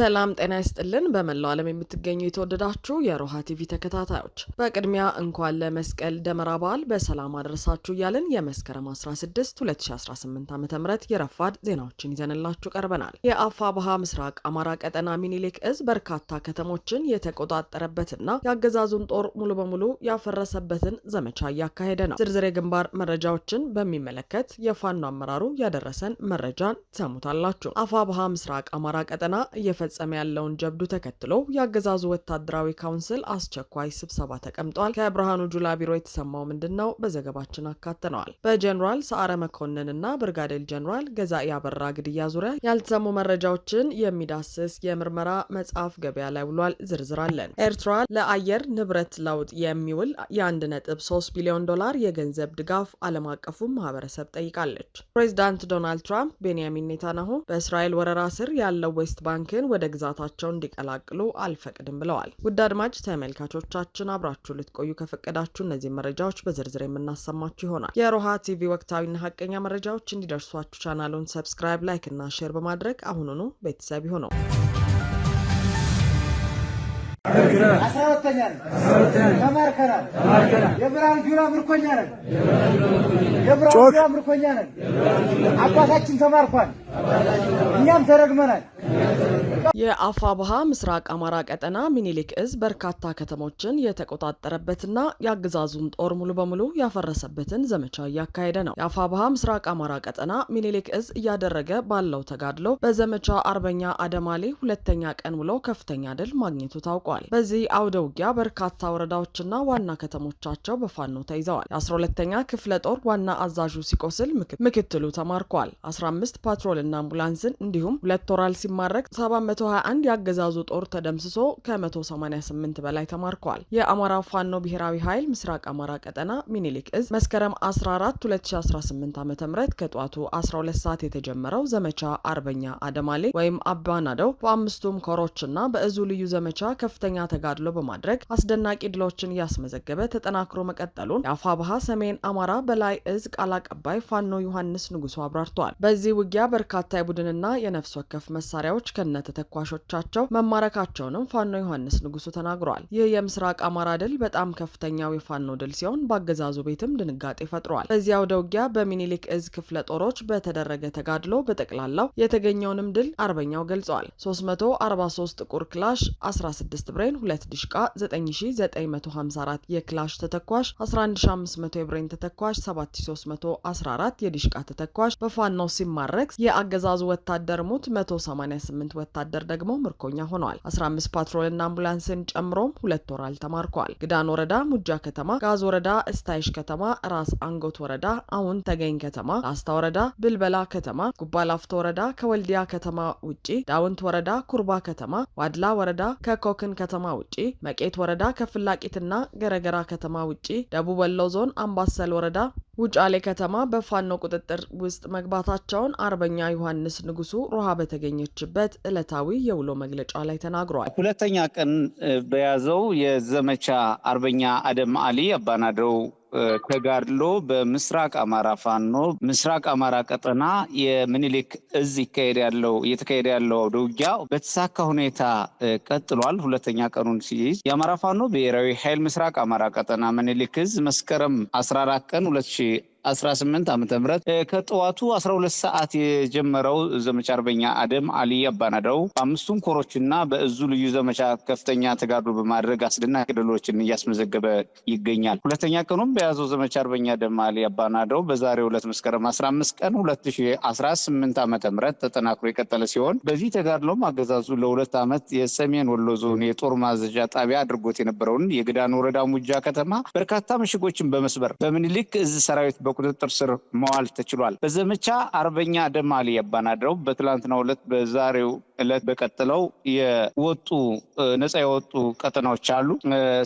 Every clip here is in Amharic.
ሰላም ጤና ይስጥልን። በመላው ዓለም የምትገኙ የተወደዳችሁ የሮሃ ቲቪ ተከታታዮች በቅድሚያ እንኳን ለመስቀል ደመራ በዓል በሰላም አደረሳችሁ እያልን የመስከረም 16 2018 ዓ ም የረፋድ ዜናዎችን ይዘንላችሁ ቀርበናል። የአፋ ባሃ ምስራቅ አማራ ቀጠና ሚኒሊክ እዝ በርካታ ከተሞችን የተቆጣጠረበትና የአገዛዙን ጦር ሙሉ በሙሉ ያፈረሰበትን ዘመቻ እያካሄደ ነው። ዝርዝር የግንባር መረጃዎችን በሚመለከት የፋኖ አመራሩ ያደረሰን መረጃን ሰሙታላችሁ። አፋ ባሃ ምስራቅ አማራ ቀጠና እየፈ እየተፈጸመ ያለውን ጀብዱ ተከትሎ የአገዛዙ ወታደራዊ ካውንስል አስቸኳይ ስብሰባ ተቀምጧል። ከብርሃኑ ጁላ ቢሮ የተሰማው ምንድን ነው? በዘገባችን አካተነዋል። በጀኔራል ሰዓረ መኮንን እና ብርጋዴር ጀኔራል ገዛኢ አበራ ግድያ ዙሪያ ያልተሰሙ መረጃዎችን የሚዳስስ የምርመራ መጽሐፍ ገበያ ላይ ውሏል። ዝርዝር አለን። ኤርትራ ለአየር ንብረት ለውጥ የሚውል የአንድ ነጥብ ሶስት ቢሊዮን ዶላር የገንዘብ ድጋፍ ዓለም አቀፉ ማህበረሰብ ጠይቃለች። ፕሬዚዳንት ዶናልድ ትራምፕ ቤንያሚን ኔታናሁ በእስራኤል ወረራ ስር ያለው ዌስት ባንክን ወደ ግዛታቸው እንዲቀላቅሉ አልፈቅድም ብለዋል። ውድ አድማጭ ተመልካቾቻችን አብራችሁ ልትቆዩ ከፈቀዳችሁ እነዚህ መረጃዎች በዝርዝር የምናሰማችሁ ይሆናል። የሮሃ ቲቪ ወቅታዊና ሀቀኛ መረጃዎች እንዲደርሷችሁ ቻናሉን ሰብስክራይብ፣ ላይክ እና ሼር በማድረግ አሁኑኑ ቤተሰብ ይሁነው። አስራ ምርኮኛ ነን። አባታችን ተማርኳል፣ እኛም ተረግመናል። የአፋብሃ ምስራቅ አማራ ቀጠና ሚኒሊክ እዝ በርካታ ከተሞችን የተቆጣጠረበትና የአገዛዙን ጦር ሙሉ በሙሉ ያፈረሰበትን ዘመቻ እያካሄደ ነው። የአፋብሃ ምስራቅ አማራ ቀጠና ሚኒሊክ እዝ እያደረገ ባለው ተጋድሎ በዘመቻ አርበኛ አደማሌ ሁለተኛ ቀን ውሎ ከፍተኛ ድል ማግኘቱ ታውቋል። በዚህ አውደ ውጊያ በርካታ ወረዳዎችና ዋና ከተሞቻቸው በፋኖ ተይዘዋል። የ12ተኛ ክፍለ ጦር ዋና አዛዡ ሲቆስል ምክትሉ ተማርኳል። 15 ፓትሮልና አምቡላንስን እንዲሁም ሁለት ወራል ሲማረክ 121 የአገዛዙ ጦር ተደምስሶ ከ188 በላይ ተማርከዋል። የአማራ ፋኖ ብሔራዊ ኃይል ምስራቅ አማራ ቀጠና ሚኒሊክ እዝ መስከረም 14 2018 ዓ ም ከጠዋቱ 12 ሰዓት የተጀመረው ዘመቻ አርበኛ አደማሌ ወይም አባናደው በአምስቱም ኮሮችና በእዙ ልዩ ዘመቻ ከፍተኛ ተጋድሎ በማድረግ አስደናቂ ድሎችን እያስመዘገበ ተጠናክሮ መቀጠሉን የአፋ ባሃ ሰሜን አማራ በላይ እዝ ቃል አቀባይ ፋኖ ዮሐንስ ንጉሶ አብራርተዋል። በዚህ ውጊያ በርካታ የቡድንና የነፍስ ወከፍ መሳሪያዎች ከነተ ተኳሾቻቸው መማረካቸውንም ፋኖ ዮሐንስ ንጉሱ ተናግሯል። ይህ የምስራቅ አማራ ድል በጣም ከፍተኛው የፋኖ ድል ሲሆን በአገዛዙ ቤትም ድንጋጤ ፈጥሯል። በዚያው ደውጊያ በሚኒሊክ እዝ ክፍለ ጦሮች በተደረገ ተጋድሎ በጠቅላላው የተገኘውንም ድል አርበኛው ገልጿል። 343 ጥቁር ክላሽ፣ 16 ብሬን፣ 2 ዲሽቃ፣ 9954 የክላሽ ተተኳሽ፣ 11500 የብሬን ተተኳሽ፣ 7314 የዲሽቃ ተተኳሽ በፋኖ ሲማረክ የአገዛዙ ወታደር ሙት 188 ወታደር ወታደር ደግሞ ምርኮኛ ሆኗል። 15 ፓትሮልና አምቡላንስን ጨምሮም ሁለት ወራል ተማርከዋል። ግዳን ወረዳ፣ ሙጃ ከተማ፣ ጋዝ ወረዳ፣ እስታይሽ ከተማ፣ ራስ አንጎት ወረዳ፣ አሁን ተገኝ ከተማ፣ ላስታ ወረዳ፣ ብልበላ ከተማ፣ ጉባላፍቶ ወረዳ፣ ከወልዲያ ከተማ ውጪ ዳውንት ወረዳ፣ ኩርባ ከተማ፣ ዋድላ ወረዳ፣ ከኮክን ከተማ ውጪ መቄት ወረዳ፣ ከፍላቂትና ገረገራ ከተማ ውጪ ደቡብ ወሎ ዞን አምባሰል ወረዳ ውጫሌ ከተማ በፋኖ ቁጥጥር ውስጥ መግባታቸውን አርበኛ ዮሐንስ ንጉሱ ሮሃ በተገኘችበት ዕለታዊ የውሎ መግለጫ ላይ ተናግሯል። ሁለተኛ ቀን በያዘው የዘመቻ አርበኛ አደም አሊ አባናደው ከጋድሎ በምስራቅ አማራ ፋኖ ምስራቅ አማራ ቀጠና የምኒልክ እዝ ይካሄድ ያለው እየተካሄደ ያለው አውደ ውጊያ በተሳካ ሁኔታ ቀጥሏል። ሁለተኛ ቀኑን ሲይዝ የአማራ ፋኖ ብሔራዊ ኃይል ምስራቅ አማራ ቀጠና ምኒልክ እዝ መስከረም 14 ቀን 18 ዓመተ ምህረት ከጠዋቱ 12 ሰዓት የጀመረው ዘመቻ አርበኛ አደም አሊ አባናዳው በአምስቱም ኮሮችና በእዙ ልዩ ዘመቻ ከፍተኛ ተጋድሎ በማድረግ አስደናቂ ድሎችን እያስመዘገበ ይገኛል። ሁለተኛ ቀኑም በያዘው ዘመቻ አርበኛ አደም አሊ አባናዳው በዛሬ ሁለት መስከረም 15 ቀን 2018 ዓመተ ምህረት ተጠናክሮ የቀጠለ ሲሆን በዚህ ተጋድሎም አገዛዙ ለሁለት ዓመት የሰሜን ወሎ ዞን የጦር ማዘዣ ጣቢያ አድርጎት የነበረውን የግዳን ወረዳ ሙጃ ከተማ በርካታ ምሽጎችን በመስበር በምኒልክ እዝ ሰራዊት በቁጥጥር ስር መዋል ተችሏል። በዘመቻ አርበኛ ደማሊ ያባናድረው በትላንትናው ዕለት በዛሬው ዕለት በቀጥለው የወጡ ነፃ የወጡ ቀጠናዎች አሉ።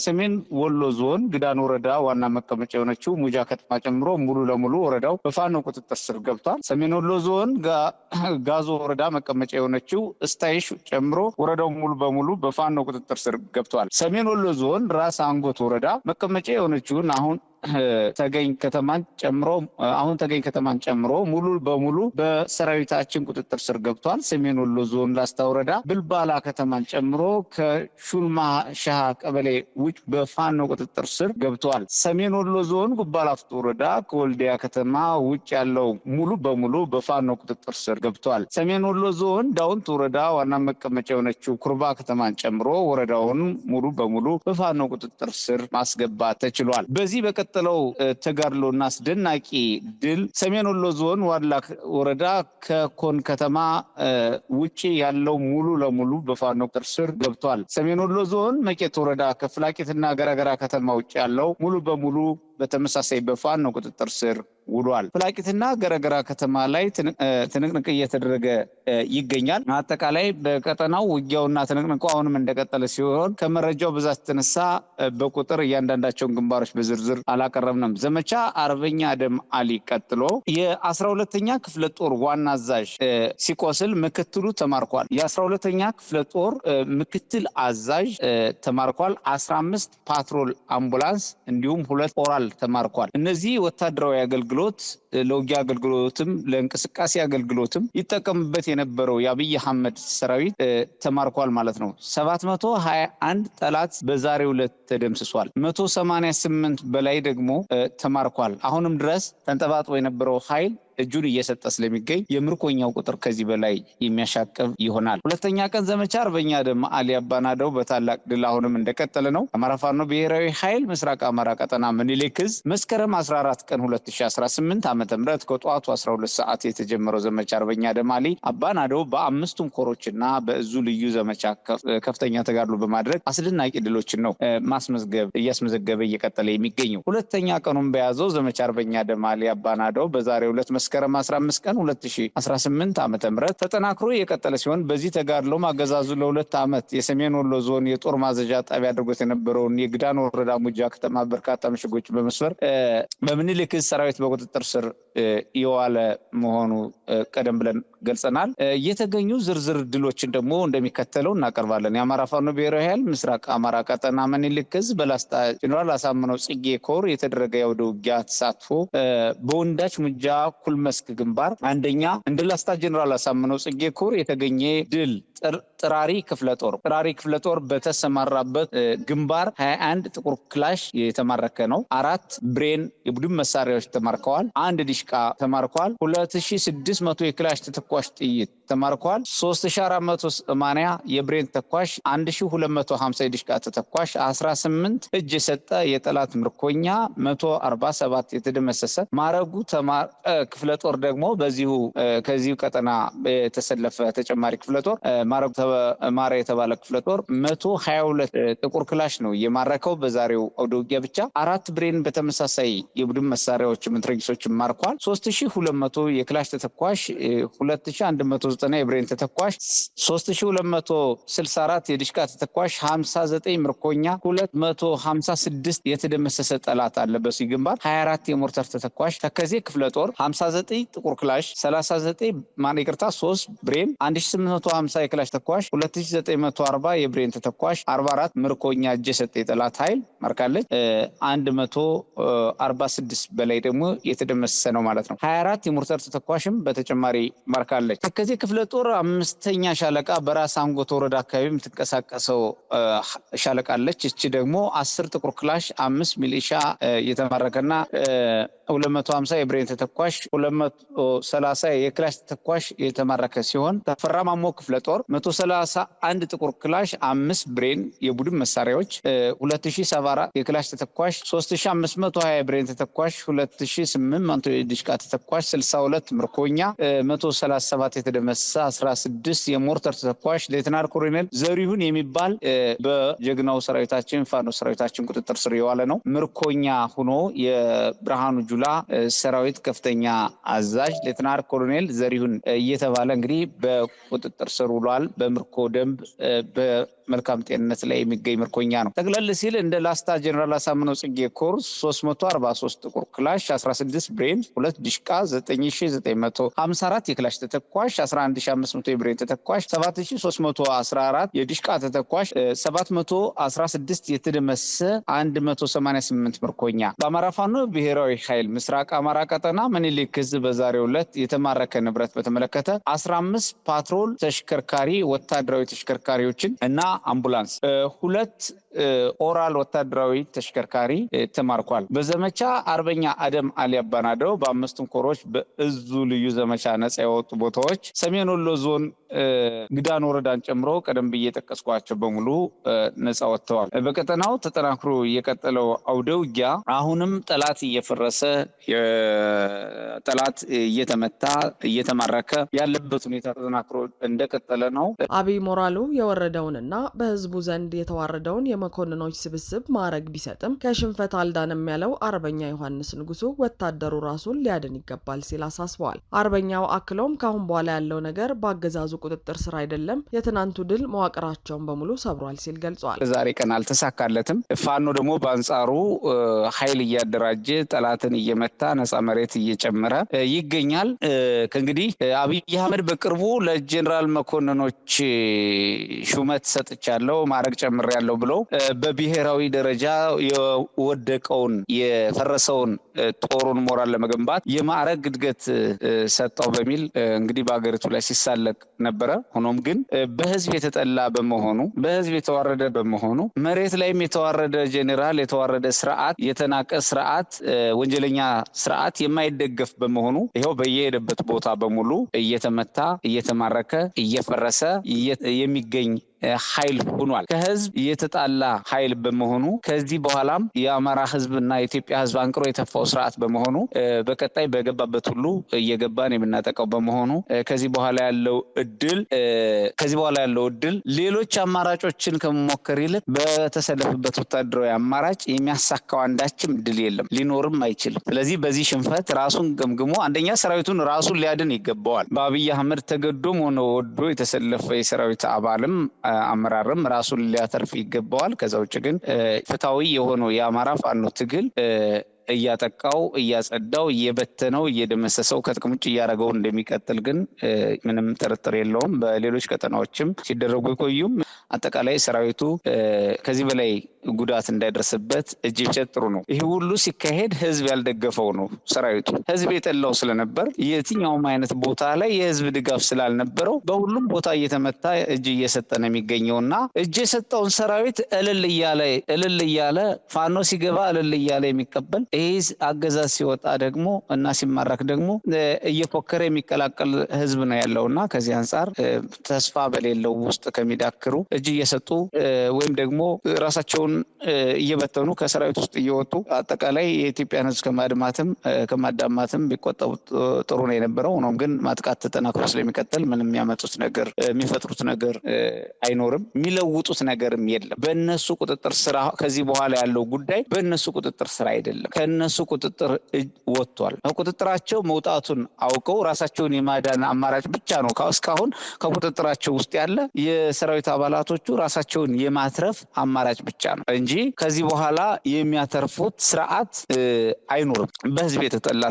ሰሜን ወሎ ዞን ግዳን ወረዳ ዋና መቀመጫ የሆነችው ሙጃ ከተማ ጨምሮ ሙሉ ለሙሉ ወረዳው በፋኖ ቁጥጥር ስር ገብቷል። ሰሜን ወሎ ዞን ጋዞ ወረዳ መቀመጫ የሆነችው እስታይሽ ጨምሮ ወረዳው ሙሉ በሙሉ በፋኖ ቁጥጥር ስር ገብቷል። ሰሜን ወሎ ዞን ራስ አንጎት ወረዳ መቀመጫ የሆነችውን አሁን ተገኝ ከተማን ጨምሮ አሁን ተገኝ ከተማን ጨምሮ ሙሉ በሙሉ በሰራዊታችን ቁጥጥር ስር ገብቷል። ሰሜን ወሎ ዞን ላስታ ወረዳ ብልባላ ከተማን ጨምሮ ከሹልማ ሻሃ ቀበሌ ውጭ በፋኖ ቁጥጥር ስር ገብቷል። ሰሜን ወሎ ዞን ጉባላፍቶ ወረዳ ከወልዲያ ከተማ ውጭ ያለው ሙሉ በሙሉ በፋኖ ቁጥጥር ስር ገብቷል። ሰሜን ወሎ ዞን ዳውንት ወረዳ ዋና መቀመጫ የሆነችው ኩርባ ከተማን ጨምሮ ወረዳውን ሙሉ በሙሉ በፋኖ ቁጥጥር ስር ማስገባት ተችሏል። በዚህ በቀ በቀጠለው ተጋድሎና አስደናቂ ድል ሰሜን ወሎ ዞን ዋላ ወረዳ ከኮን ከተማ ውጭ ያለው ሙሉ ለሙሉ በፋኖ ቁጥጥር ስር ገብቷል። ሰሜን ወሎ ዞን መቄት ወረዳ ከፍላቂትና ገራገራ ከተማ ውጭ ያለው ሙሉ በሙሉ በተመሳሳይ በፋኖ ቁጥጥር ስር ውሏል። ፍላቂትና ገረገራ ከተማ ላይ ትንቅንቅ እየተደረገ ይገኛል። አጠቃላይ በቀጠናው ውጊያውና ትንቅንቁ አሁንም እንደቀጠለ ሲሆን ከመረጃው ብዛት የተነሳ በቁጥር እያንዳንዳቸውን ግንባሮች በዝርዝር አላቀረብንም። ዘመቻ አርበኛ አደም አሊ ቀጥሎ የአስራ ሁለተኛ ክፍለ ጦር ዋና አዛዥ ሲቆስል ምክትሉ ተማርኳል። የአስራ ሁለተኛ ክፍለ ጦር ምክትል አዛዥ ተማርኳል። አስራ አምስት ፓትሮል አምቡላንስ እንዲሁም ሁለት ኦራል ተማርኳል። እነዚህ ወታደራዊ አገልግሎት ለውጊያ አገልግሎትም ለእንቅስቃሴ አገልግሎትም ይጠቀምበት የነበረው የአብይ አህመድ ሰራዊት ተማርኳል ማለት ነው። 721 ጠላት በዛሬው ዕለት ተደምስሷል። 188 በላይ ደግሞ ተማርኳል። አሁንም ድረስ ተንጠባጥቦ የነበረው ኃይል እጁን እየሰጠ ስለሚገኝ የምርኮኛው ቁጥር ከዚህ በላይ የሚያሻቅብ ይሆናል። ሁለተኛ ቀን ዘመቻ አርበኛ ደማ አሊ አባናደው በታላቅ ድል አሁንም እንደቀጠለ ነው። አማራ ፋኖ ብሔራዊ ኃይል ምስራቅ አማራ ቀጠና ምኒልክ መስከረም 14 ቀን 2018 ዓ ም ከጠዋቱ 12 ሰዓት የተጀመረው ዘመቻ አርበኛ ደማሊ አባናዶ በአምስቱም ኮሮችና በእዙ ልዩ ዘመቻ ከፍተኛ ተጋድሎ በማድረግ አስደናቂ ድሎችን ነው ማስመዝገብ እያስመዘገበ እየቀጠለ የሚገኘው። ሁለተኛ ቀኑን በያዘው ዘመቻ አርበኛ ደማሊ አባናዶ በዛሬ ሁለት መስከረም 15 ቀን 2018 ም ተጠናክሮ የቀጠለ ሲሆን በዚህ ተጋድሎ አገዛዙ ለሁለት ዓመት የሰሜን ወሎ ዞን የጦር ማዘዣ ጣቢያ አድርጎት የነበረውን የግዳን ወረዳ ሙጃ ከተማ በርካታ ምሽጎች በመስበር በምኒልክ ሰራዊት በቁጥጥር ስር የዋለ መሆኑ ቀደም ብለን ገልጸናል። የተገኙ ዝርዝር ድሎችን ደግሞ እንደሚከተለው እናቀርባለን። የአማራ ፋኖ ብሔራዊ ኃይል ምስራቅ አማራ ቀጠና ምኒልክ ዕዝ በላስታ ጀኔራል አሳምነው ጽጌ ኮር የተደረገ የአውደ ውጊያ ተሳትፎ በወንዳች ሙጃ ኩልመስክ ግንባር አንደኛ እንደ ላስታ ጀኔራል አሳምነው ጽጌ ኮር የተገኘ ድል ጥራሪ ክፍለ ጦር ጥራሪ ክፍለ ጦር በተሰማራበት ግንባር 21 ጥቁር ክላሽ የተማረከ ነው። አራት ብሬን የቡድን መሳሪያዎች ተማርከዋል። አንድ ዲሽቃ ተማርከዋል። 2600 የክላሽ ተተኳሽ ጥይት ተማርከዋል። 3480 የብሬን ተኳሽ፣ 1250 የዲሽቃ ተተኳሽ፣ 18 እጅ የሰጠ የጠላት ምርኮኛ፣ 147 የተደመሰሰ ማረጉ ክፍለ ጦር ደግሞ በዚሁ ከዚሁ ቀጠና የተሰለፈ ተጨማሪ ክፍለ ጦር ማረጉ ማረ የተባለ ክፍለ ጦር መቶ ሀያ ሁለት ጥቁር ክላሽ ነው እየማረከው በዛሬው አውደ ውጊያ ብቻ። አራት ብሬን በተመሳሳይ የቡድን መሳሪያዎች መትረጊሶችን ማርኳል። ሶስት ሺ ሁለት መቶ የክላሽ ተተኳሽ፣ ሁለት ሺ አንድ መቶ ዘጠና የብሬን ተተኳሽ፣ ሶስት ሺ ሁለት መቶ ስልሳ አራት የድሽቃ ተተኳሽ፣ ሀምሳ ዘጠኝ ምርኮኛ፣ ሁለት መቶ ሀምሳ ስድስት የተደመሰሰ ጠላት አለ በዚህ ግንባር፣ ሀያ አራት የሞርተር ተተኳሽ ተከዜ ክፍለ ጦር ሀምሳ ዘጠኝ ጥቁር ክላሽ 39 ማን ይቅርታ ሶስት ብሬን አንድ ሺ መቶ ሀምሳ የክላሽ ተኳሽ ተተኳሽ 2940 የብሬን ተተኳሽ 44 ምርኮኛ እጅ የሰጠ የጠላት ኃይል ማርካለች። 146 በላይ ደግሞ የተደመሰሰ ነው ማለት ነው። 24 የሞርተር ተተኳሽም በተጨማሪ መርካለች። ተከዜ ክፍለ ጦር አምስተኛ ሻለቃ በራስ አንጎት ወረዳ አካባቢ የምትንቀሳቀሰው ሻለቃለች። እቺ ደግሞ አስር ጥቁር ክላሽ አምስት ሚሊሻ የተማረከና 250 የብሬን ተተኳሽ፣ 230 የክላሽ ተተኳሽ የተማረከ ሲሆን ተፈራ ማሞ ክፍለ ጦር 131 ጥቁር ክላሽ፣ አምስት ብሬን የቡድን መሳሪያዎች፣ 2074 የክላሽ ተተኳሽ፣ 3520 የብሬን ተተኳሽ፣ 2800 የድሽቃ ተተኳሽ፣ 62 ምርኮኛ፣ 137 የተደመሰ፣ 16 የሞርተር ተተኳሽ ሌትናር ኮሎኔል ዘሪሁን የሚባል በጀግናው ሰራዊታችን ፋኖ ሰራዊታችን ቁጥጥር ስር የዋለ ነው። ምርኮኛ ሆኖ የብርሃኑ ጁላ ሰራዊት ከፍተኛ አዛዥ ሌትናር ኮሎኔል ዘሪሁን እየተባለ እንግዲህ በቁጥጥር ስር ውሏል። በምርኮ ደንብ መልካም ጤንነት ላይ የሚገኝ ምርኮኛ ነው። ጠቅለል ሲል እንደ ላስታ ጀኔራል አሳምነው ጽጌ ኮር 343 ጥቁር ክላሽ፣ 16 ብሬን፣ 2 ዲሽቃ፣ 9954 የክላሽ ተተኳሽ፣ 11500 የብሬን ተተኳሽ፣ 7314 የዲሽቃ ተተኳሽ፣ 716 የተደመሰ 188 ምርኮኛ በአማራ ፋኖ ብሔራዊ ኃይል ምስራቅ አማራ ቀጠና ምኒልክ ህዝብ በዛሬው ዕለት የተማረከ ንብረት በተመለከተ 15 ፓትሮል ተሽከርካሪ ወታደራዊ ተሽከርካሪዎችን እና አምቡላንስ፣ ሁለት ኦራል ወታደራዊ ተሽከርካሪ ተማርኳል። በዘመቻ አርበኛ አደም አሊ አባናደው በአምስቱም ኮሮች በእዙ ልዩ ዘመቻ ነጻ የወጡ ቦታዎች ሰሜን ወሎ ዞን ግዳን ወረዳን ጨምሮ ቀደም ብዬ የጠቀስኳቸው በሙሉ ነጻ ወጥተዋል። በቀጠናው ተጠናክሮ የቀጠለው አውደ ውጊያ አሁንም ጠላት እየፈረሰ ጠላት እየተመታ እየተማረከ ያለበት ሁኔታ ተጠናክሮ እንደቀጠለ ነው። አብይ ሞራሉ የወረደውንና በህዝቡ ዘንድ የተዋረደውን የመኮንኖች ስብስብ ማዕረግ ቢሰጥም ከሽንፈት አልዳንም ያለው አርበኛ ዮሐንስ ንጉሱ ወታደሩ ራሱን ሊያድን ይገባል ሲል አሳስበዋል። አርበኛው አክለውም ካሁን በኋላ ያለው ነገር በአገዛዙ ቁጥጥር ስር አይደለም፣ የትናንቱ ድል መዋቅራቸውን በሙሉ ሰብሯል ሲል ገልጿል። ዛሬ ቀን አልተሳካለትም። ፋኖ ደግሞ በአንጻሩ ኃይል እያደራጀ ጠላትን እየመታ ነጻ መሬት እየጨመረ ይገኛል። ከእንግዲህ አብይ አህመድ በቅርቡ ለጀኔራል መኮንኖች ሹመት ሰጥ ማድረግ ጨምር ያለው ብሎ በብሔራዊ ደረጃ የወደቀውን የፈረሰውን ጦሩን ሞራል ለመገንባት የማዕረግ እድገት ሰጠው በሚል እንግዲህ በሀገሪቱ ላይ ሲሳለቅ ነበረ። ሆኖም ግን በህዝብ የተጠላ በመሆኑ በህዝብ የተዋረደ በመሆኑ መሬት ላይም የተዋረደ ጄኔራል፣ የተዋረደ ስርዓት፣ የተናቀ ስርዓት፣ ወንጀለኛ ስርዓት የማይደገፍ በመሆኑ ይኸው በየሄደበት ቦታ በሙሉ እየተመታ እየተማረከ እየፈረሰ የሚገኝ ኃይል ሆኗል። ከህዝብ የተጣላ ኃይል በመሆኑ ከዚህ በኋላም የአማራ እና የኢትዮጵያ ህዝብ አንቅሮ የተፋው ስርዓት በመሆኑ በቀጣይ በገባበት ሁሉ እየገባን የምናጠቀው በመሆኑ ከዚህ በኋላ ያለው እድል ከዚህ በኋላ ያለው እድል ሌሎች አማራጮችን ከመሞከር ይልቅ በተሰለፍበት ወታደራዊ አማራጭ የሚያሳካው አንዳችም እድል የለም፣ ሊኖርም አይችልም። ስለዚህ በዚህ ሽንፈት ራሱን ገምግሞ አንደኛ ሰራዊቱን ራሱን ሊያድን ይገባዋል። በአብይ አህመድ ተገዶም ሆነ ወዶ የተሰለፈ የሰራዊት አባልም አመራርም ራሱን ሊያተርፍ ይገባዋል። ከዛ ውጭ ግን ፍትሐዊ የሆነው የአማራ ፋኖ ትግል እያጠቃው እያጸዳው እየበተነው እየደመሰሰው ከጥቅም ውጭ እያደረገው እንደሚቀጥል ግን ምንም ጥርጥር የለውም። በሌሎች ቀጠናዎችም ሲደረጉ ይቆዩም። አጠቃላይ ሰራዊቱ ከዚህ በላይ ጉዳት እንዳይደርስበት እጅ ብቻ ጥሩ ነው። ይህ ሁሉ ሲካሄድ ህዝብ ያልደገፈው ነው። ሰራዊቱ ህዝብ የጠላው ስለነበር የትኛውም አይነት ቦታ ላይ የህዝብ ድጋፍ ስላልነበረው በሁሉም ቦታ እየተመታ እጅ እየሰጠ ነው የሚገኘው እና እጅ የሰጠውን ሰራዊት እልል እያለ እልል እያለ ፋኖ ሲገባ እልል እያለ የሚቀበል ይህ አገዛዝ ሲወጣ ደግሞ እና ሲማረክ ደግሞ እየፎከረ የሚቀላቀል ህዝብ ነው ያለው እና ከዚህ አንጻር ተስፋ በሌለው ውስጥ ከሚዳክሩ እጅ እየሰጡ ወይም ደግሞ ራሳቸውን እየበተኑ ከሰራዊት ውስጥ እየወጡ አጠቃላይ የኢትዮጵያን ህዝብ ከማድማትም ከማዳማትም ቢቆጠቡ ጥሩ ነው የነበረው። ሆኖም ግን ማጥቃት ተጠናክሮ ስለሚቀጥል ምንም የሚያመጡት ነገር የሚፈጥሩት ነገር አይኖርም። የሚለውጡት ነገርም የለም። በእነሱ ቁጥጥር ስራ ከዚህ በኋላ ያለው ጉዳይ በእነሱ ቁጥጥር ስራ አይደለም። ከነሱ ቁጥጥር ወጥቷል። ከቁጥጥራቸው መውጣቱን አውቀው ራሳቸውን የማዳን አማራጭ ብቻ ነው እስካሁን ከቁጥጥራቸው ውስጥ ያለ የሰራዊት አባላቶቹ ራሳቸውን የማትረፍ አማራጭ ብቻ ነው እንጂ ከዚህ በኋላ የሚያተርፉት ስርዓት አይኖርም። በህዝብ የተጠላ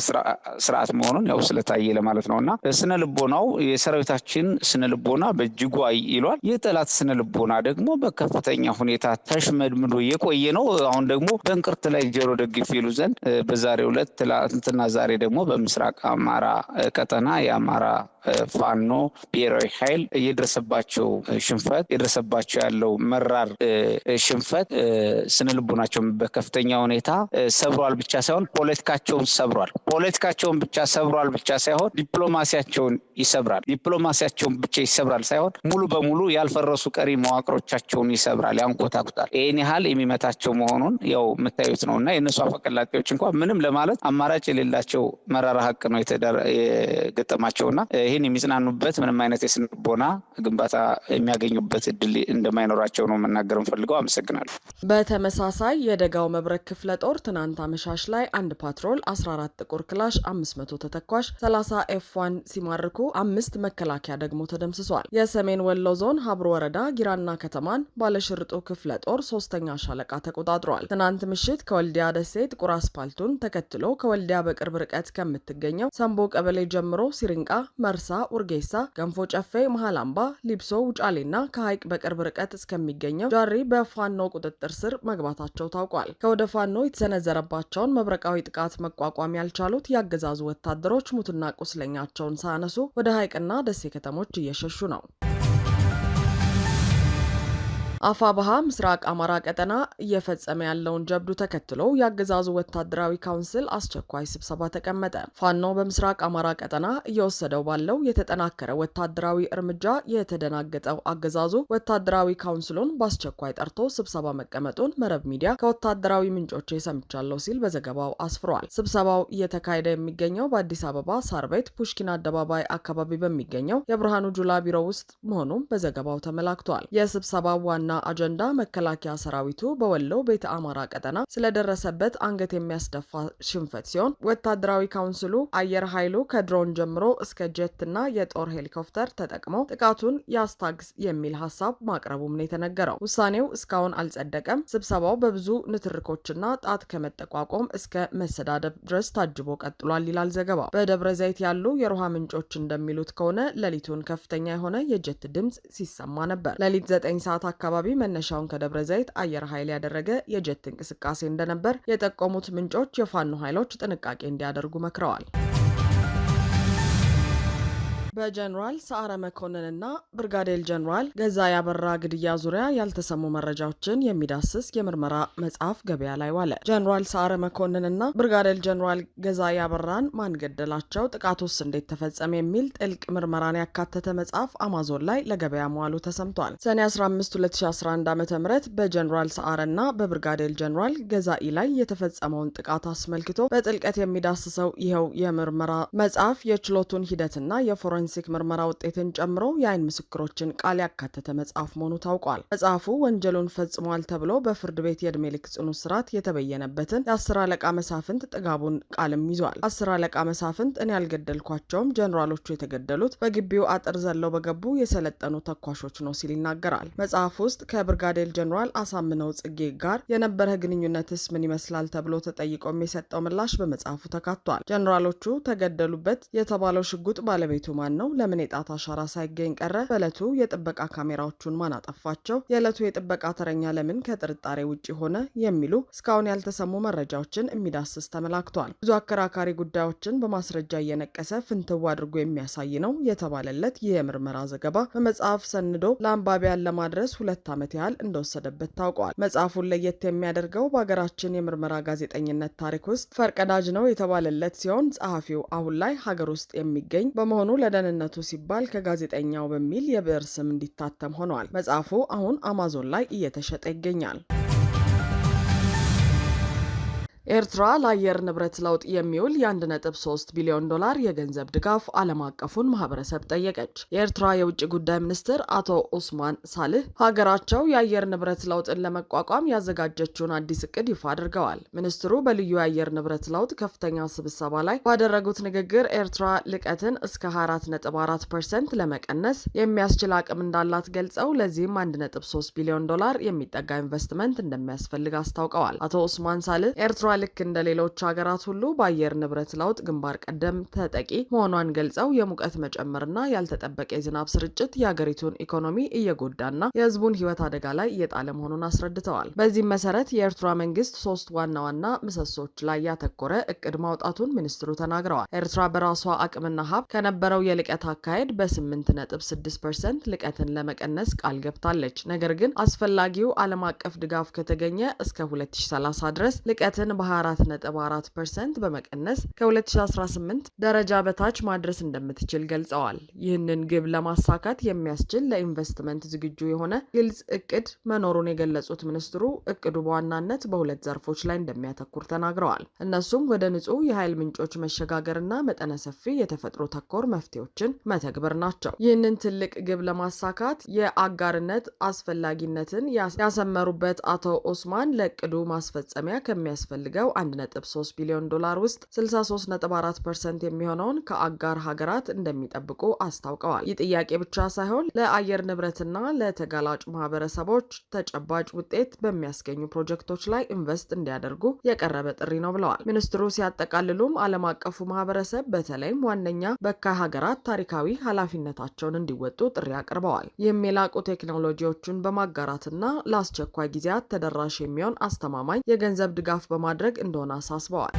ስርዓት መሆኑን ያው ስለታየ ለማለት ነው እና ስነ ልቦናው የሰራዊታችን ስነ ልቦና በእጅጉ ይሏል። የጠላት ስነ ልቦና ደግሞ በከፍተኛ ሁኔታ ተሽመድምዶ የቆየ ነው። አሁን ደግሞ በእንቅርት ላይ ጆሮ ደግፍ ይሉ ይዘን በዛሬ ሁለት ትላንትና ዛሬ ደግሞ በምስራቅ አማራ ቀጠና የአማራ ፋኖ ብሔራዊ ኃይል እየደረሰባቸው ሽንፈት እየደረሰባቸው ያለው መራር ሽንፈት ስነልቦናቸውን በከፍተኛ ሁኔታ ሰብሯል ብቻ ሳይሆን ፖለቲካቸውን ሰብሯል። ፖለቲካቸውን ብቻ ሰብሯል ብቻ ሳይሆን ዲፕሎማሲያቸውን ይሰብራል። ዲፕሎማሲያቸውን ብቻ ይሰብራል ሳይሆን ሙሉ በሙሉ ያልፈረሱ ቀሪ መዋቅሮቻቸውን ይሰብራል፣ ያንኮታኩታል። ይህን ያህል የሚመታቸው መሆኑን ያው የምታዩት ነው እና የእነሱ አፈቀላጤ ተጠያቂዎች እንኳ ምንም ለማለት አማራጭ የሌላቸው መራራ ሀቅ ነው የገጠማቸውና ይህን የሚጽናኑበት ምንም አይነት የስንቦና ግንባታ የሚያገኙበት እድል እንደማይኖራቸው ነው መናገር ንፈልገው። አመሰግናለሁ። በተመሳሳይ የደጋው መብረክ ክፍለ ጦር ትናንት አመሻሽ ላይ አንድ ፓትሮል 14 ጥቁር ክላሽ፣ 500 ተተኳሽ፣ 30 ኤፍ1 ሲማርኩ አምስት መከላከያ ደግሞ ተደምስሷል። የሰሜን ወሎ ዞን ሀብሮ ወረዳ ጊራና ከተማን ባለሽርጡ ክፍለ ጦር ሶስተኛ ሻለቃ ተቆጣጥሯል። ትናንት ምሽት ከወልዲያ ደሴ ጥቁር አስፓልቱን ተከትሎ ከወልዲያ በቅርብ ርቀት ከምትገኘው ሰንቦ ቀበሌ ጀምሮ ሲሪንቃ፣ መርሳ፣ ኡርጌሳ፣ ገንፎ ጨፌ፣ መሀል አምባ፣ ሊብሶ፣ ውጫሌና ከሀይቅ በቅርብ ርቀት እስከሚገኘው ጃሪ በፋኖ ቁጥጥር ስር መግባታቸው ታውቋል። ከወደ ፋኖ የተሰነዘረባቸውን መብረቃዊ ጥቃት መቋቋም ያልቻሉት የአገዛዙ ወታደሮች ሙትና ቁስለኛቸውን ሳያነሱ ወደ ሀይቅና ደሴ ከተሞች እየሸሹ ነው። አፋብሃ ምስራቅ አማራ ቀጠና እየፈጸመ ያለውን ጀብዱ ተከትሎ የአገዛዙ ወታደራዊ ካውንስል አስቸኳይ ስብሰባ ተቀመጠ። ፋኖ በምስራቅ አማራ ቀጠና እየወሰደው ባለው የተጠናከረ ወታደራዊ እርምጃ የተደናገጠው አገዛዙ ወታደራዊ ካውንስሉን በአስቸኳይ ጠርቶ ስብሰባ መቀመጡን መረብ ሚዲያ ከወታደራዊ ምንጮች ሰምቻለሁ ሲል በዘገባው አስፍሯል። ስብሰባው እየተካሄደ የሚገኘው በአዲስ አበባ ሳር ቤት ፑሽኪን አደባባይ አካባቢ በሚገኘው የብርሃኑ ጁላ ቢሮ ውስጥ መሆኑም በዘገባው ተመላክቷል። የስብሰባው ዋና ዋና አጀንዳ መከላከያ ሰራዊቱ በወሎ ቤተ አማራ ቀጠና ስለደረሰበት አንገት የሚያስደፋ ሽንፈት ሲሆን ወታደራዊ ካውንስሉ አየር ኃይሉ ከድሮን ጀምሮ እስከ ጀትና የጦር ሄሊኮፕተር ተጠቅመው ጥቃቱን ያስታግስ የሚል ሀሳብ ማቅረቡም ነው የተነገረው። ውሳኔው እስካሁን አልጸደቀም። ስብሰባው በብዙ ንትርኮችና ጣት ከመጠቋቆም እስከ መሰዳደብ ድረስ ታጅቦ ቀጥሏል ይላል ዘገባው። በደብረ ዘይት ያሉ የሮሃ ምንጮች እንደሚሉት ከሆነ ሌሊቱን ከፍተኛ የሆነ የጀት ድምፅ ሲሰማ ነበር። ሌሊት ዘጠኝ ሰዓት አካባቢ አካባቢ መነሻውን ከደብረ ዘይት አየር ኃይል ያደረገ የጀት እንቅስቃሴ እንደነበር የጠቆሙት ምንጮች የፋኖ ኃይሎች ጥንቃቄ እንዲያደርጉ መክረዋል። በጀኔራል ሰዓረ መኮንን እና ብርጋዴር ጀኔራል ገዛ ያበራ ግድያ ዙሪያ ያልተሰሙ መረጃዎችን የሚዳስስ የምርመራ መጽሐፍ ገበያ ላይ ዋለ። ጀኔራል ሰዓረ መኮንን እና ብርጋዴር ጀኔራል ገዛ ያበራን ማን ገደላቸው፣ ጥቃቱስ እንዴት ተፈጸመ የሚል ጥልቅ ምርመራን ያካተተ መጽሐፍ አማዞን ላይ ለገበያ መዋሉ ተሰምቷል። ሰኔ 15 2011 ዓ ም በጀኔራል ሰዓረ እና በብርጋዴር ጀኔራል ገዛኢ ላይ የተፈጸመውን ጥቃት አስመልክቶ በጥልቀት የሚዳስሰው ይኸው የምርመራ መጽሐፍ የችሎቱን ሂደትና የፎረን የፎረንሲክ ምርመራ ውጤትን ጨምሮ የአይን ምስክሮችን ቃል ያካተተ መጽሐፍ መሆኑ ታውቋል። መጽሐፉ ወንጀሉን ፈጽሟል ተብሎ በፍርድ ቤት የእድሜ ልክ ጽኑ እስራት የተበየነበትን የአስር አለቃ መሳፍንት ጥጋቡን ቃልም ይዟል። አስር አለቃ መሳፍንት እኔ አልገደልኳቸውም፣ ጀኔራሎቹ የተገደሉት በግቢው አጥር ዘለው በገቡ የሰለጠኑ ተኳሾች ነው ሲል ይናገራል። መጽሐፍ ውስጥ ከብርጋዴር ጀኔራል አሳምነው ጽጌ ጋር የነበረ ግንኙነትስ ምን ይመስላል ተብሎ ተጠይቆም የሰጠው ምላሽ በመጽሐፉ ተካቷል። ጀኔራሎቹ ተገደሉበት የተባለው ሽጉጥ ባለቤቱ ማን ማን ነው? ለምን የጣት አሻራ ሳይገኝ ቀረ? በዕለቱ የጥበቃ ካሜራዎቹን ማን አጠፋቸው? የዕለቱ የጥበቃ ተረኛ ለምን ከጥርጣሬ ውጭ ሆነ? የሚሉ እስካሁን ያልተሰሙ መረጃዎችን የሚዳስስ ተመላክቷል። ብዙ አከራካሪ ጉዳዮችን በማስረጃ እየነቀሰ ፍንትው አድርጎ የሚያሳይ ነው የተባለለት ይህ የምርመራ ዘገባ በመጽሐፍ ሰንዶ ለአንባቢያን ለማድረስ ሁለት ዓመት ያህል እንደወሰደበት ታውቋል። መጽሐፉን ለየት የሚያደርገው በሀገራችን የምርመራ ጋዜጠኝነት ታሪክ ውስጥ ፈርቀዳጅ ነው የተባለለት ሲሆን ጸሐፊው አሁን ላይ ሀገር ውስጥ የሚገኝ በመሆኑ ለደ ደህንነቱ ሲባል ከጋዜጠኛው በሚል የብዕር ስም እንዲታተም ሆኗል። መጽሐፉ አሁን አማዞን ላይ እየተሸጠ ይገኛል። ኤርትራ ለአየር ንብረት ለውጥ የሚውል የ1.3 ቢሊዮን ዶላር የገንዘብ ድጋፍ ዓለም አቀፉን ማህበረሰብ ጠየቀች። የኤርትራ የውጭ ጉዳይ ሚኒስትር አቶ ኡስማን ሳልህ ሀገራቸው የአየር ንብረት ለውጥን ለመቋቋም ያዘጋጀችውን አዲስ እቅድ ይፋ አድርገዋል። ሚኒስትሩ በልዩ የአየር ንብረት ለውጥ ከፍተኛ ስብሰባ ላይ ባደረጉት ንግግር ኤርትራ ልቀትን እስከ 24.4 ፐርሰንት ለመቀነስ የሚያስችል አቅም እንዳላት ገልጸው ለዚህም 1.3 ቢሊዮን ዶላር የሚጠጋ ኢንቨስትመንት እንደሚያስፈልግ አስታውቀዋል። አቶ ኡስማን ሳልህ ኤርትራ ልክ እንደ ሌሎች ሀገራት ሁሉ በአየር ንብረት ለውጥ ግንባር ቀደም ተጠቂ መሆኗን ገልጸው የሙቀት መጨመርና ያልተጠበቀ የዝናብ ስርጭት የሀገሪቱን ኢኮኖሚ እየጎዳና የሕዝቡን ሕይወት አደጋ ላይ እየጣለ መሆኑን አስረድተዋል። በዚህም መሰረት የኤርትራ መንግስት ሶስት ዋና ዋና ምሰሶች ላይ ያተኮረ እቅድ ማውጣቱን ሚኒስትሩ ተናግረዋል። ኤርትራ በራሷ አቅምና ሀብት ከነበረው የልቀት አካሄድ በስምንት ነጥብ ስድስት ፐርሰንት ልቀትን ለመቀነስ ቃል ገብታለች። ነገር ግን አስፈላጊው ዓለም አቀፍ ድጋፍ ከተገኘ እስከ 2030 ድረስ ልቀትን በ24.4 ፐርሰንት በመቀነስ ከ2018 ደረጃ በታች ማድረስ እንደምትችል ገልጸዋል። ይህንን ግብ ለማሳካት የሚያስችል ለኢንቨስትመንት ዝግጁ የሆነ ግልጽ እቅድ መኖሩን የገለጹት ሚኒስትሩ እቅዱ በዋናነት በሁለት ዘርፎች ላይ እንደሚያተኩር ተናግረዋል። እነሱም ወደ ንጹህ የኃይል ምንጮች መሸጋገርና መጠነ ሰፊ የተፈጥሮ ተኮር መፍትሄዎችን መተግበር ናቸው። ይህንን ትልቅ ግብ ለማሳካት የአጋርነት አስፈላጊነትን ያሰመሩበት አቶ ኦስማን ለእቅዱ ማስፈጸሚያ ከሚያስፈልግ ካደረገው 1.3 ቢሊዮን ዶላር ውስጥ 63.4 ፐርሰንት የሚሆነውን ከአጋር ሀገራት እንደሚጠብቁ አስታውቀዋል። ይህ ጥያቄ ብቻ ሳይሆን ለአየር ንብረትና ለተጋላጭ ማህበረሰቦች ተጨባጭ ውጤት በሚያስገኙ ፕሮጀክቶች ላይ ኢንቨስት እንዲያደርጉ የቀረበ ጥሪ ነው ብለዋል። ሚኒስትሩ ሲያጠቃልሉም ዓለም አቀፉ ማህበረሰብ በተለይም ዋነኛ በካይ ሀገራት ታሪካዊ ኃላፊነታቸውን እንዲወጡ ጥሪ አቅርበዋል። ይህም የላቁ ቴክኖሎጂዎቹን በማጋራትና ለአስቸኳይ ጊዜያት ተደራሽ የሚሆን አስተማማኝ የገንዘብ ድጋፍ በማድረግ ማድረግ እንደሆነ አሳስበዋል።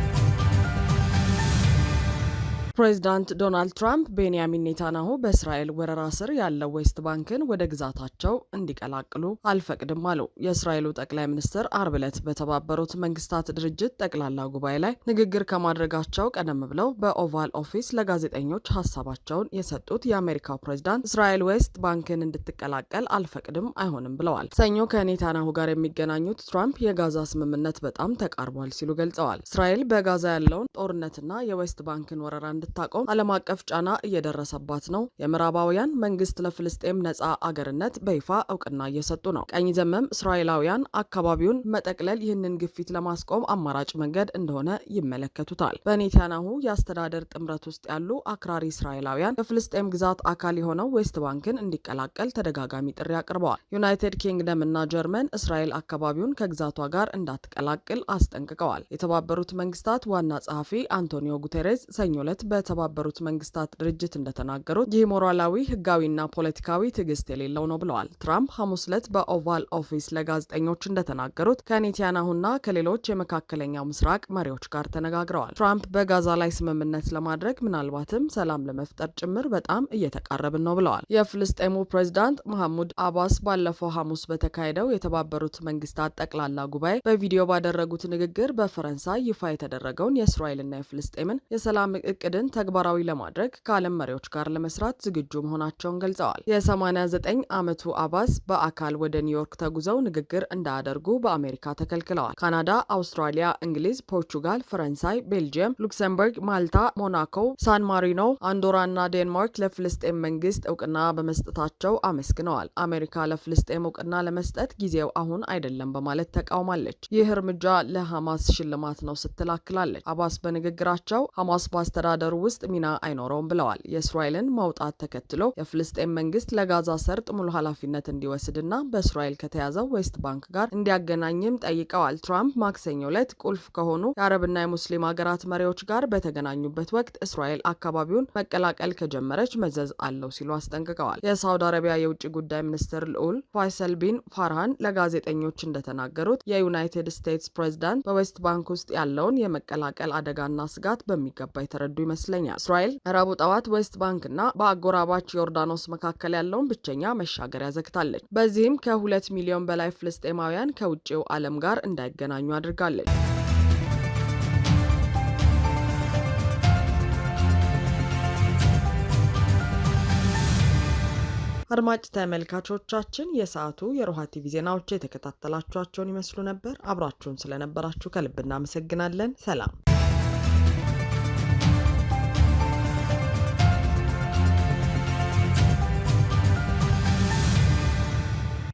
ፕሬዚዳንት ዶናልድ ትራምፕ ቤንያሚን ኔታንያሁ በእስራኤል ወረራ ስር ያለው ዌስት ባንክን ወደ ግዛታቸው እንዲቀላቅሉ አልፈቅድም አሉ። የእስራኤሉ ጠቅላይ ሚኒስትር አርብ ዕለት በተባበሩት መንግስታት ድርጅት ጠቅላላ ጉባኤ ላይ ንግግር ከማድረጋቸው ቀደም ብለው በኦቫል ኦፊስ ለጋዜጠኞች ሀሳባቸውን የሰጡት የአሜሪካው ፕሬዚዳንት እስራኤል ዌስት ባንክን እንድትቀላቀል አልፈቅድም፣ አይሆንም ብለዋል። ሰኞ ከኔታንያሁ ጋር የሚገናኙት ትራምፕ የጋዛ ስምምነት በጣም ተቃርቧል ሲሉ ገልጸዋል። እስራኤል በጋዛ ያለውን ጦርነትና የዌስት ባንክን ወረራ እንድታቆም ዓለም አቀፍ ጫና እየደረሰባት ነው። የምዕራባውያን መንግስት ለፍልስጤም ነጻ አገርነት በይፋ እውቅና እየሰጡ ነው። ቀኝ ዘመም እስራኤላውያን አካባቢውን መጠቅለል ይህንን ግፊት ለማስቆም አማራጭ መንገድ እንደሆነ ይመለከቱታል። በኔታንያሁ የአስተዳደር ጥምረት ውስጥ ያሉ አክራሪ እስራኤላውያን የፍልስጤም ግዛት አካል የሆነው ዌስት ባንክን እንዲቀላቀል ተደጋጋሚ ጥሪ አቅርበዋል። ዩናይትድ ኪንግደም እና ጀርመን እስራኤል አካባቢውን ከግዛቷ ጋር እንዳትቀላቅል አስጠንቅቀዋል። የተባበሩት መንግስታት ዋና ጸሐፊ አንቶኒዮ ጉቴሬዝ ሰኞ ዕለት በተባበሩት መንግስታት ድርጅት እንደተናገሩት ይህ ሞራላዊ ህጋዊና ፖለቲካዊ ትዕግስት የሌለው ነው ብለዋል። ትራምፕ ሐሙስ ዕለት በኦቫል ኦፊስ ለጋዜጠኞች እንደተናገሩት ከኔታንያሁና ከሌሎች የመካከለኛው ምስራቅ መሪዎች ጋር ተነጋግረዋል። ትራምፕ በጋዛ ላይ ስምምነት ለማድረግ ምናልባትም ሰላም ለመፍጠር ጭምር በጣም እየተቃረብን ነው ብለዋል። የፍልስጤሙ ፕሬዚዳንት መሐሙድ አባስ ባለፈው ሐሙስ በተካሄደው የተባበሩት መንግስታት ጠቅላላ ጉባኤ በቪዲዮ ባደረጉት ንግግር በፈረንሳይ ይፋ የተደረገውን የእስራኤልና የፍልስጤምን የሰላም እቅድን እቅዳችንን ተግባራዊ ለማድረግ ከዓለም መሪዎች ጋር ለመስራት ዝግጁ መሆናቸውን ገልጸዋል። የ89 ዓመቱ አባስ በአካል ወደ ኒውዮርክ ተጉዘው ንግግር እንዳያደርጉ በአሜሪካ ተከልክለዋል። ካናዳ፣ አውስትራሊያ፣ እንግሊዝ፣ ፖርቹጋል፣ ፈረንሳይ፣ ቤልጅየም፣ ሉክሰምበርግ፣ ማልታ፣ ሞናኮ፣ ሳን ማሪኖ፣ አንዶራ እና ዴንማርክ ለፍልስጤም መንግስት እውቅና በመስጠታቸው አመስግነዋል። አሜሪካ ለፍልስጤም እውቅና ለመስጠት ጊዜው አሁን አይደለም በማለት ተቃውማለች። ይህ እርምጃ ለሐማስ ሽልማት ነው ስትል አክላለች። አባስ በንግግራቸው ሐማስ በአስተዳደሩ ድርድር ውስጥ ሚና አይኖረውም ብለዋል። የእስራኤልን መውጣት ተከትሎ የፍልስጤን መንግስት ለጋዛ ሰርጥ ሙሉ ኃላፊነት እንዲወስድና በእስራኤል ከተያዘው ዌስት ባንክ ጋር እንዲያገናኝም ጠይቀዋል። ትራምፕ ማክሰኞ ዕለት ቁልፍ ከሆኑ የአረብና የሙስሊም ሀገራት መሪዎች ጋር በተገናኙበት ወቅት እስራኤል አካባቢውን መቀላቀል ከጀመረች መዘዝ አለው ሲሉ አስጠንቅቀዋል። የሳውዲ አረቢያ የውጭ ጉዳይ ሚኒስትር ልዑል ፋይሰል ቢን ፋርሃን ለጋዜጠኞች እንደተናገሩት የዩናይትድ ስቴትስ ፕሬዚዳንት በዌስት ባንክ ውስጥ ያለውን የመቀላቀል አደጋና ስጋት በሚገባ የተረዱ ይመስላል። ይመስለኛል። እስራኤል ረቡ ጠዋት ዌስት ባንክና በአጎራባች ዮርዳኖስ መካከል ያለውን ብቸኛ መሻገሪያ ዘግታለች። በዚህም ከሁለት ሚሊዮን በላይ ፍልስጤማውያን ከውጭው ዓለም ጋር እንዳይገናኙ አድርጋለች። አድማጭ ተመልካቾቻችን የሰዓቱ የሮሃ ቲቪ ዜናዎች የተከታተላችኋቸውን ይመስሉ ነበር። አብራችሁን ስለነበራችሁ ከልብ እናመሰግናለን። ሰላም